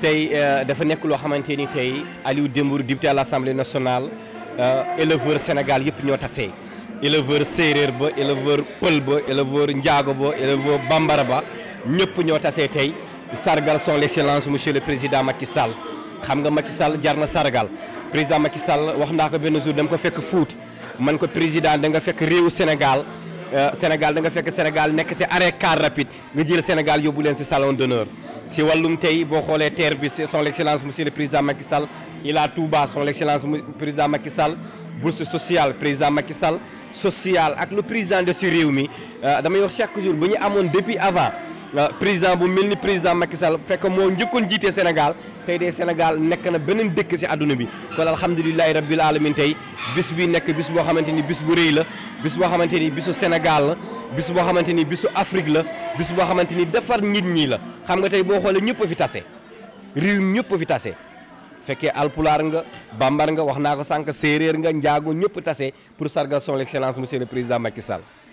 tey euh, dafa nekk loo xamante ni tey Aliou Dembourou député à l'Assemblée nationale euh, éleveur Sénégal yëpp ñoo tasee éleveur séeréer ba éleveur pël ba éleveur njaago ba éleveur bambara ba ñëpp ñoo tasee tey sargal son le excellence monsieur le président Macky Sall xam nga Macky Sall jar na sargal président Macky Sall wax naa ko benn jour dama ko fekk fuut man ko président da nga fekk réewu Sénégal euh, Sénégal da nga fekk Sénégal nekk si arrêt car rapide nga jël Sénégal yóbbu leen si salon si wàllum tey boo xoolee terre bi son excellence monsieur le président Macky Sall il a Touba son excellence président Macky Sall bourse sociale président Macky sal sociale ak le président de si réew mi euh, damay wax chaque jour bu ñu amoon depuis avant euh, président bu mel ni président Macky Sall fekk moo njëkkoon jiitee Sénégal tey de Sénégal nekk na beneen dëkk si àdduna bi kon alhamdulilahi rabbil alamin tey bis bi nekk bis boo xamante ni bis bu rëy la bis boo xamante ni bisu Sénégal la bis boo xamante ni bisu Afrique la bis boo xamante ni defar nit ñii la xam nga tey boo xoolee ñëpp fi tase réew ñëpp fi tase fekkee alpulaar nga bambar nga wax naa ko sànq séeréer nga njaago ñëpp tase pour sargal son excellence monsieur le président Macky Sall.